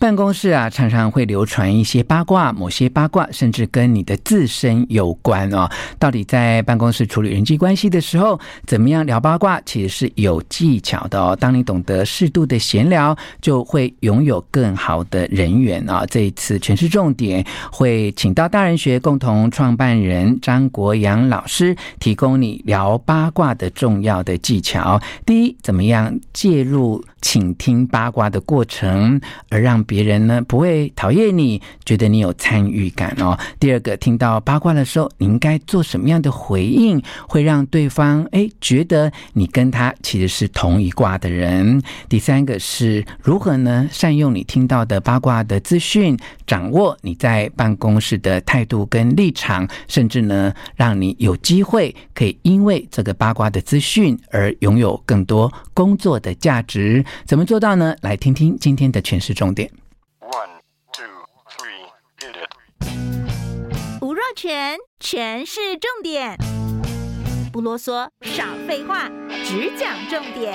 辦公室啊，常常會流傳一些八卦，某些八卦甚至跟你的自身有關啊、哦。到底在辦公室處理人際關係的時候，怎麼樣聊八卦，其實是有技巧的哦。當你懂得適度的閒聊，就會擁有更好的人緣啊、哦。這一次權式重點，會請到大人學共同創辦人張國洋老師，提供你聊八卦的重要的技巧。第一，怎麼樣介入？傾聽八卦的過程，而讓別人呢不會討厭你，覺得你有參與感哦。第二個，聽到八卦的時候，你應該做什麼樣的回應，會讓對方誒覺得你跟他其實是同一卦的人？第三個是如何呢善用你聽到的八卦的資訊，掌握你在辦公室的態度跟立場，甚至呢讓你有機會可以因為這個八卦的資訊而擁有更多工作的價值。怎麼做到呢？來聽聽今天的權式重點。One, two, three, get it, did 吳若權，權式重點，不囉嗦，少廢話，只講重點。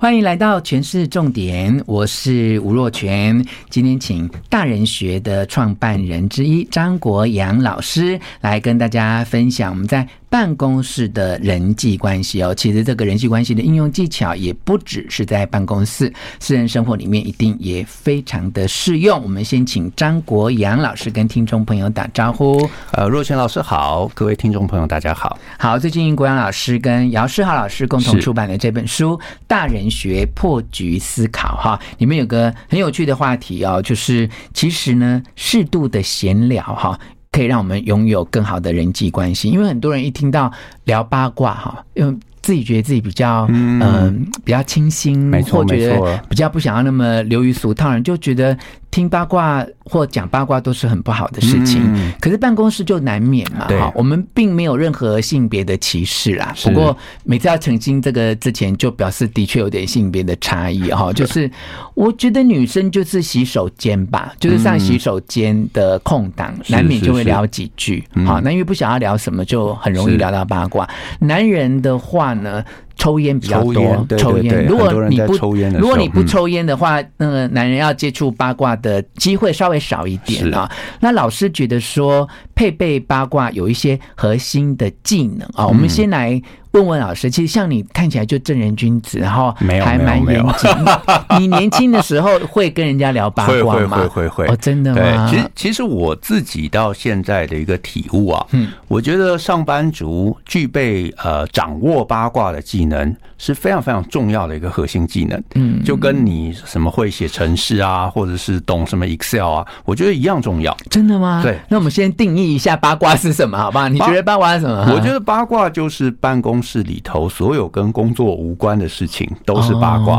歡迎來到權式重點，我是吳若權。今天請大人學的創辦人之一張國洋老師來跟大家分享，我們在。辦公室的人際關係哦，其實這個人際關係的應用技巧也不只是在辦公室，私人生活裡面一定也非常的適用。我們先請張國洋老師跟聽眾朋友打招呼。呃，若權老師好，各位聽眾朋友大家好。好，最近國洋老師跟姚詩豪老師共同出版的這本書《大人學破局思考》哈，是裡面有個很有趣的話題哦，就是其實呢，適度的閒聊哈、哦。可以讓我們擁有更好的人際關係，因為很多人一聽到聊八卦哈，因為自己覺得自己比較嗯、呃、比較清新，沒錯，沒錯，比較不想要那麼流於俗套人，人就覺得，聽八卦或講八卦都是很不好的事情，嗯、可是辦公室就難免嘛對。我們並沒有任何性別的歧視啊。是不過每次要澄清這個之前，就表示的確有點性別的差異哈、哦。是就是我覺得女生就是洗手間吧，嗯、就是上洗手間的空檔，難免就會聊幾句。是是是。好，那、嗯、因為不想要聊什麼，就很容易聊到八卦。是男人的話呢？抽煙比較多，抽煙。如果你不抽，嗯、如果你不抽煙的話，那個男人要接觸八卦的機會稍微少一點啊、哦。是那老師覺得說，配備八卦有一些核心的技能啊、哦，嗯、我們先來。問問老師，其實像你看起來就正人君子，然後還蠻年輕。你年輕的時候會跟人家聊八卦嗎？會,會會會會。哦，真的嗎？對，其實其實我自己到現在的一個體悟啊，嗯，我覺得上班族具備呃掌握八卦的技能是非常非常重要的一個核心技能，嗯，就跟你什麼會寫程式啊，或者是懂什麼 Excel 啊，我覺得一樣重要。真的嗎？對。那我們先定義一下八卦是什麼，好吧？你覺得八卦是什麼？我覺得八卦就是辦公。公司裡頭所有跟工作無關的事情都是八卦，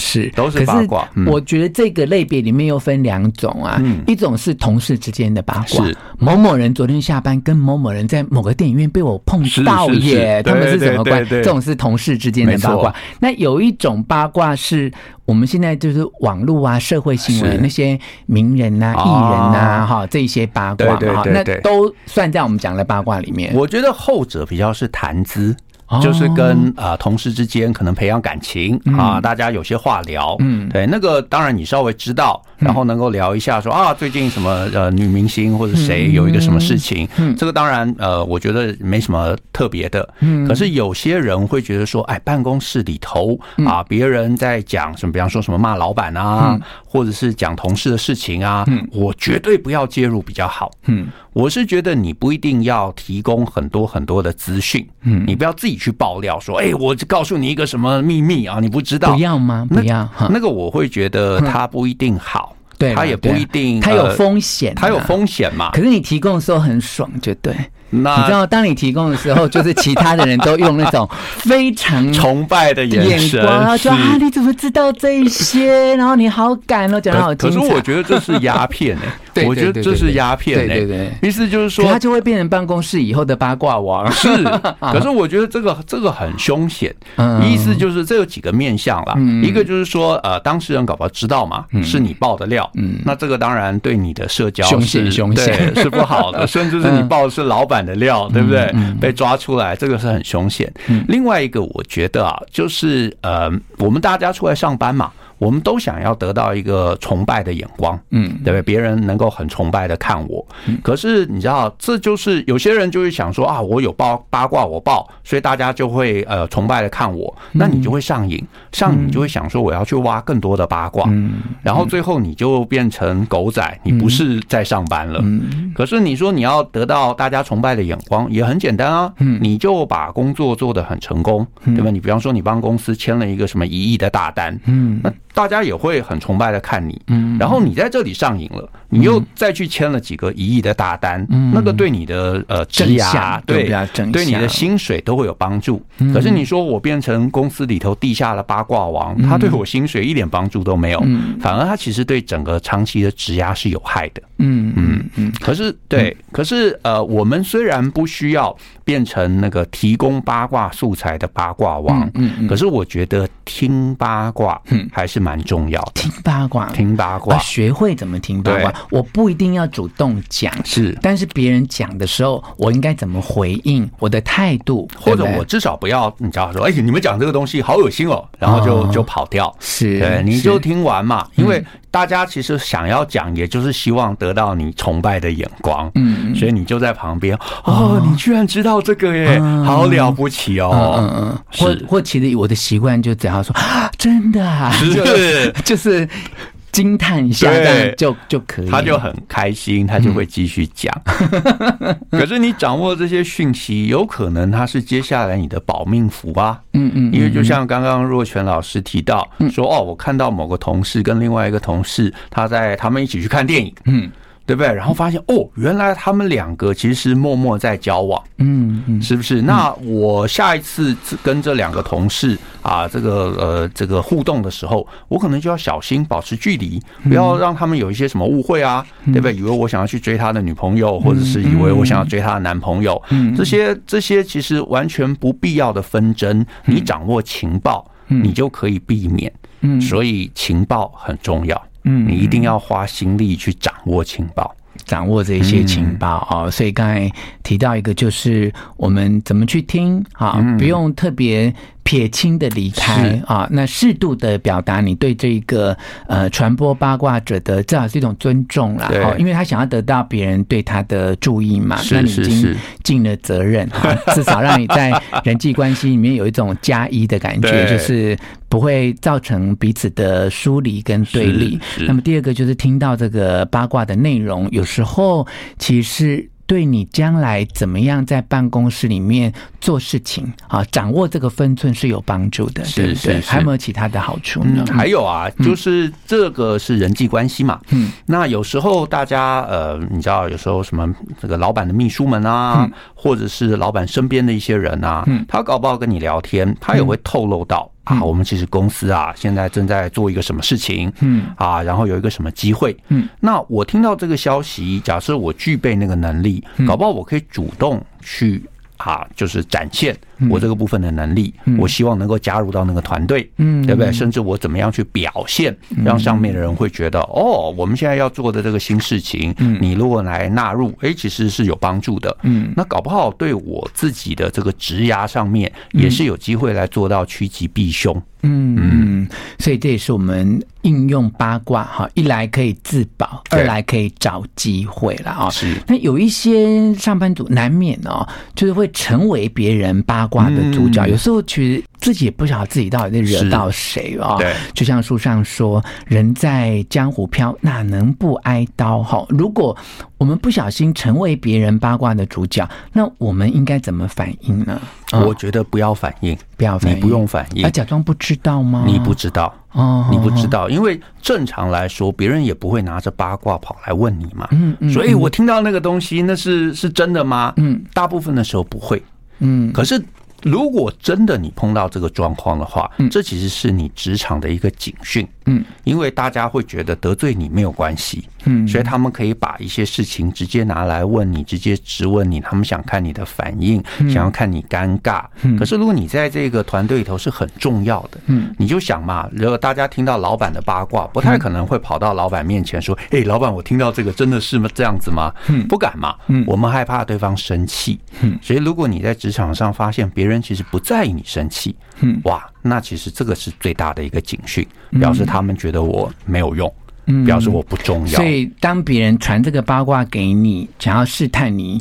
是都是八卦。我覺得這個類別裡面又分兩種啊，一種是同事之間的八卦，某某人昨天下班跟某某人在某個電影院被我碰到耶，他們是什麼關係？這種是同事之間的八卦。那有一種八卦是我們現在就是網絡啊、社會新聞那些名人啊、藝人啊哈這些八卦哈，那都算在我們講的八卦裡面。我覺得後者比較是談資。就是跟啊同事之間可能培養感情啊，大家有些話聊，嗯，對，那個當然你稍微知道，然後能夠聊一下，說啊最近什麼呃女明星或者誰有一個什麼事情，嗯，這個當然呃我覺得沒什麼特別的，嗯，可是有些人會覺得說，哎，辦公室裡頭啊，別人在講什麼，比方說什麼罵老闆啊，或者是講同事的事情啊，嗯，我絕對不要介入比較好，嗯。我是覺得你不一定要提供很多很多的資訊，嗯，你不要自己去爆料說，哎、欸，我告訴你一個什麼秘密啊，你不知道。不要嗎？不要。那，嗯、那個我會覺得它不一定好，嗯、對，它也不一定，它、啊、有風險、啊呃，它有風險嘛。可是你提供的時候很爽，就對。那你知道，當你提供的時候，就是其他的人都用那種非常 崇拜的眼神，然後說啊，你怎麼知道這些？然後你好敢、哦、然後講的好聽。可是我覺得這是鴉片哎、欸，我覺得這是鴉片哎、欸，意思就是說，他就會變成辦公室以後的八卦王。是，啊、可是我覺得這個這個很凶險。意思就是這有幾個面相了，一個就是說，呃，當事人搞不好知道嘛，是你爆的料。嗯，那這個當然對你的社交凶險凶險是不好的，甚至是你爆的是老闆。 嗯的料對不對？ 嗯嗯被抓出來，這個是很凶險。另外一個，我覺得啊，就是呃，我們大家出來上班嘛。我們都想要得到一個崇拜的眼光，嗯，對不對？別人能夠很崇拜的看我，可是你知道，這就是有些人就會想說啊，我有報八卦，我報，所以大家就會呃崇拜的看我，那你就會上癮，上癮就會想說我要去挖更多的八卦，嗯，然後最後你就變成狗仔，你不是在上班了。嗯，可是你說你要得到大家崇拜的眼光，也很簡單啊，你就把工作做得很成功，對吧？你比方說你幫公司簽了一個什麼一億的大單，嗯，那。大家也會很崇拜的看你，嗯，然後你在這裡上癮了。嗯嗯嗯你又再去簽了幾個一億的大單，那個對你的呃職涯，對對你的薪水都會有幫助。可是你說我變成公司裡頭地下的八卦王，他對我薪水一點幫助都沒有，反而他其實對整個長期的職涯是有害的。嗯嗯。嗯。可是對，可是呃，我們雖然不需要變成那個提供八卦素材的八卦王，嗯，可是我覺得聽八卦還是蠻重要。聽八卦，聽八卦，學會怎麼聽八卦。我不一定要主動講，是，但是別人講的時候，我應該怎麼回應？我的態度，或者我至少不要，你知道，說，哎，你們講這個東西好噁心哦，然後就就跑掉，是，對，你就聽完嘛。因為大家其實想要講，也就是希望得到你崇拜的眼光，嗯，所以你就在旁邊，哦，你居然知道這個耶，好了不起哦，嗯嗯，是。或其實我的習慣就只要說啊，真的啊，就是就是。驚嘆一下，就就可以，他就很開心，他就會繼續講。嗯、 可是你掌握這些訊息，有可能他是接下來你的保命符啊。嗯嗯，因為就像剛剛若權老師提到說，哦，我看到某個同事跟另外一個同事，他在他們一起去看電影。嗯。對不對？然後發現哦，原來他們兩個其實默默在交往，嗯，嗯，是不是？那我下一次跟這兩個同事啊、呃，這個呃，這個互動的時候，我可能就要小心保持距離，不要讓他們有一些什麼誤會啊，對不對？嗯、以為我想要去追他的女朋友，或者是以為我想要追他的男朋友，嗯，嗯，這些這些其實完全不必要的紛爭，你掌握情報，嗯、你就可以避免，嗯，所以情報很重要。嗯，你一定要花心力去掌握情報，嗯、掌握這些情報啊、嗯哦。所以剛才提到一個，就是我們怎麼去聽啊，好嗯、不用特別。撇清的離開啊是、哦，那適度的表達你對這一個呃傳播八卦者的，至少是一種尊重啦，好對、哦，因為他想要得到別人對他的注意嘛，那你已經盡了責任哈、哦，至少讓你在人際關係裡面有一種加一的感覺， 就是不會造成彼此的疏離跟對立。那麼第二個就是聽到這個八卦的內容，有時候其實。對你將來怎麼樣在辦公室裡面做事情啊，掌握這個分寸是有幫助的，對不對？是是是，還有沒有其他的好處呢？嗯，還有啊，就是這個是人際關係嘛。嗯，那有時候大家呃，你知道，有時候什麼這個老闆的秘書們啊，嗯，或者是老闆身邊的一些人啊，嗯，他搞不好跟你聊天，他也會透露到。啊，我們其實公司啊，現在正在做一個什麼事情？嗯，啊，然後有一個什麼機會？嗯，那我聽到這個消息，假設我具備那個能力，嗯，搞不好我可以主動去啊，就是展現。我這個部分的能力，我希望能夠加入到那個團隊，對不對？甚至我怎麼樣去表現，讓上面的人會覺得哦，我們現在要做的這個新事情，你如果來納入，哎，其實是有幫助的。嗯，那搞不好對我自己的這個職涯上面也是有機會來做到趨吉避凶。嗯，所以這也是我們應用八卦哈，一來可以自保，二來可以找機會了啊。是，那有一些上班族難免哦，就是會成為別人八。八卦的主角，嗯、有時候其實自己也不曉得自己到底在惹到誰哦，對，就像書上說，人在江湖飄，哪能不挨刀？哈、哦，如果我們不小心成為別人八卦的主角，那我們應該怎麼反應呢？哦、我覺得不要反應，不要反應，你不用反應，假裝不知道嗎？你不知道哦，你不知道，因為正常來說，別人也不會拿着八卦跑來問你嘛。嗯嗯，嗯，所以我聽到那個東西，那是是真的嗎？嗯，大部分的時候不會。嗯，可是如果真的你碰到這個狀況的話，嗯，這其實是你職場的一個警訊。嗯，因為大家會覺得得罪你沒有關係。嗯，所以他們可以把一些事情直接拿來問你，直接質問你，他們想看你的反應，想要看你尷尬。嗯，可是如果你在這個團隊裡頭是很重要的，嗯，你就想嘛，如果大家聽到老闆的八卦，不太可能會跑到老闆面前說，哎，老闆，我聽到這個真的是嗎？這樣子嗎？嗯，不敢嘛，嗯，我們害怕對方生氣。嗯，所以如果你在職場上發現別人其實不在意你生氣，嗯，哇，那其實這個是最大的一個警訊，表示他們覺得我沒有用。表示我不重要。嗯、所以當別人傳這個八卦給你，想要試探你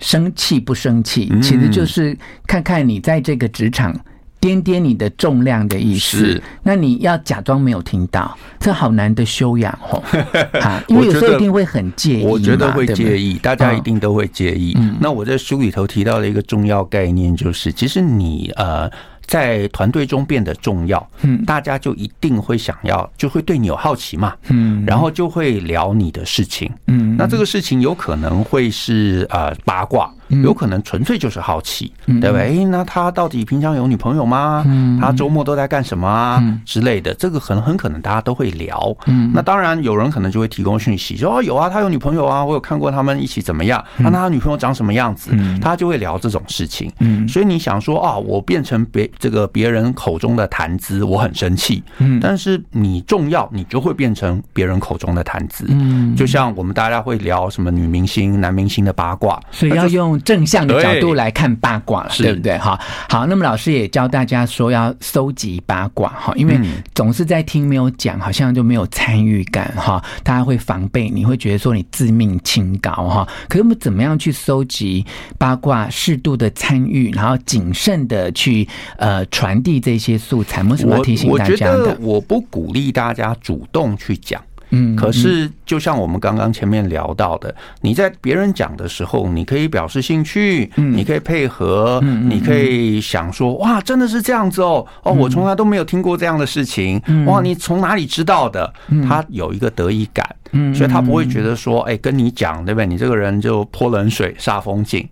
生氣不生氣，其實就是看看你在這個職場掂掂你的重量的意思。嗯、是，那你要假裝沒有聽到，這好難的修養哦。因為有時候一定會很介意，我覺得會介意，吧大家一定都會介意。哦嗯、那我在書裡頭提到的一個重要概念就是，其實你呃。在團隊中變得重要，嗯，大家就一定會想要，就會對你有好奇嘛，嗯，然後就會聊你的事情，嗯，那這個事情有可能會是，呃，八卦。有可能純粹就是好奇，嗯、對不對？那他到底平常有女朋友嗎？嗯、他周末都在幹什麼啊之類的？這個很很可能大家都會聊。嗯、那當然，有人可能就會提供訊息說、哦：“有啊，他有女朋友啊，我有看過他們一起怎麼樣。嗯”那、啊、他女朋友長什麼樣子？嗯、他就會聊這種事情。嗯、所以你想說啊、哦，我變成別這個別人口中的談資，我很生氣。嗯，但是你重要，你就會變成別人口中的談資。嗯，就像我們大家會聊什麼女明星、男明星的八卦，所以要用。正向的角度來看八卦了，對，對不對？哈，好。那麼老師也教大家說要蒐集八卦哈，因為總是在聽沒有講，好像就沒有參與感哈。嗯、大家會防備，你會覺得說你自命清高哈。可是我們怎麼樣去蒐集八卦，適度的參與，然後謹慎的去呃傳遞這些素材？要提醒大家的。我，我不鼓勵大家主動去講。可是就像我們剛剛前面聊到的，你在別人講的時候，你可以表示興趣，你可以配合，你可以想說，哇，真的是這樣子哦，哦，我從來都沒有聽過這樣的事情，哇，你從哪裡知道的？他有一個得意感，所以他不會覺得說，哎，跟你講，對不對？你這個人就潑冷水、煞風景，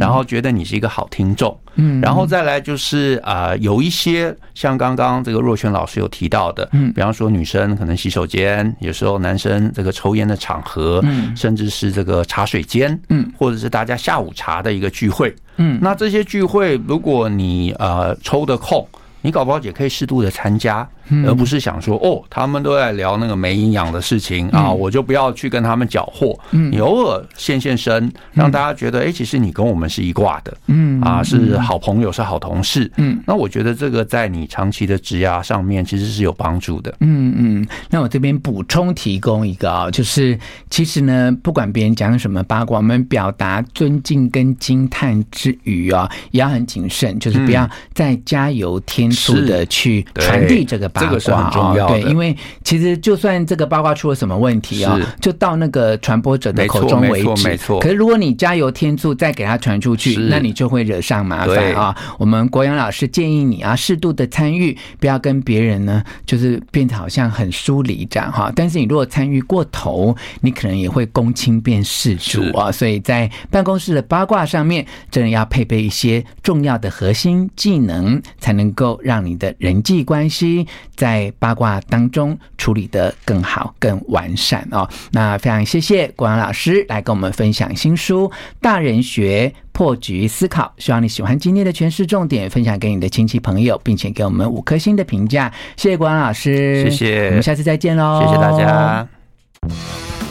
然後覺得你是一個好聽眾。嗯，然後再來就是啊、呃，有一些像剛剛這個若權老師有提到的，嗯，比方說女生可能洗手間，有時候男生這個抽煙的場合，嗯，甚至是這個茶水間，嗯，或者是大家下午茶的一個聚會，嗯，那這些聚會，如果你呃抽得空，你搞不好也可以適度的參加。而不是想說哦，他們都在聊那個沒營養的事情啊，嗯、我就不要去跟他們攪和。嗯，你偶爾現現身，讓大家覺得哎、欸，其實你跟我們是一掛的。嗯，啊，是好朋友，嗯、是好同事。嗯，那我覺得這個在你長期的職涯上面其實是有幫助的嗯。嗯嗯，那我這邊補充提供一個啊、哦，就是其實呢，不管別人講什麼八卦，我們表達尊敬跟驚嘆之餘啊、哦，也要很謹慎，就是不要再加油添醋的去傳遞這個。哦、這個是很重要的，哦、因為其實就算這個八卦出了什麼問題啊、哦，是 就到那個傳播者的口中為止。沒錯，沒錯。可是如果你加油添醋再給他傳出去，是 那你就會惹上麻煩啊。我們國洋老師建議你啊，適度的參與，不要跟別人呢，就是變得好像很疏離這樣哈。但是你如果參與過頭，你可能也會公親變事主啊。是 所以在辦公室的八卦上面，真的要配備一些重要的核心技能，才能夠讓你的人際關係。在八卦當中處理得更好、更完善哦。那非常謝謝國洋老師來跟我們分享新書《大人學破局思考》。希望你喜歡今天的權式重點，分享給你的親戚朋友，並且給我們五顆星的評價。謝謝國洋老師，謝謝，我們下次再見嘍，謝謝大家。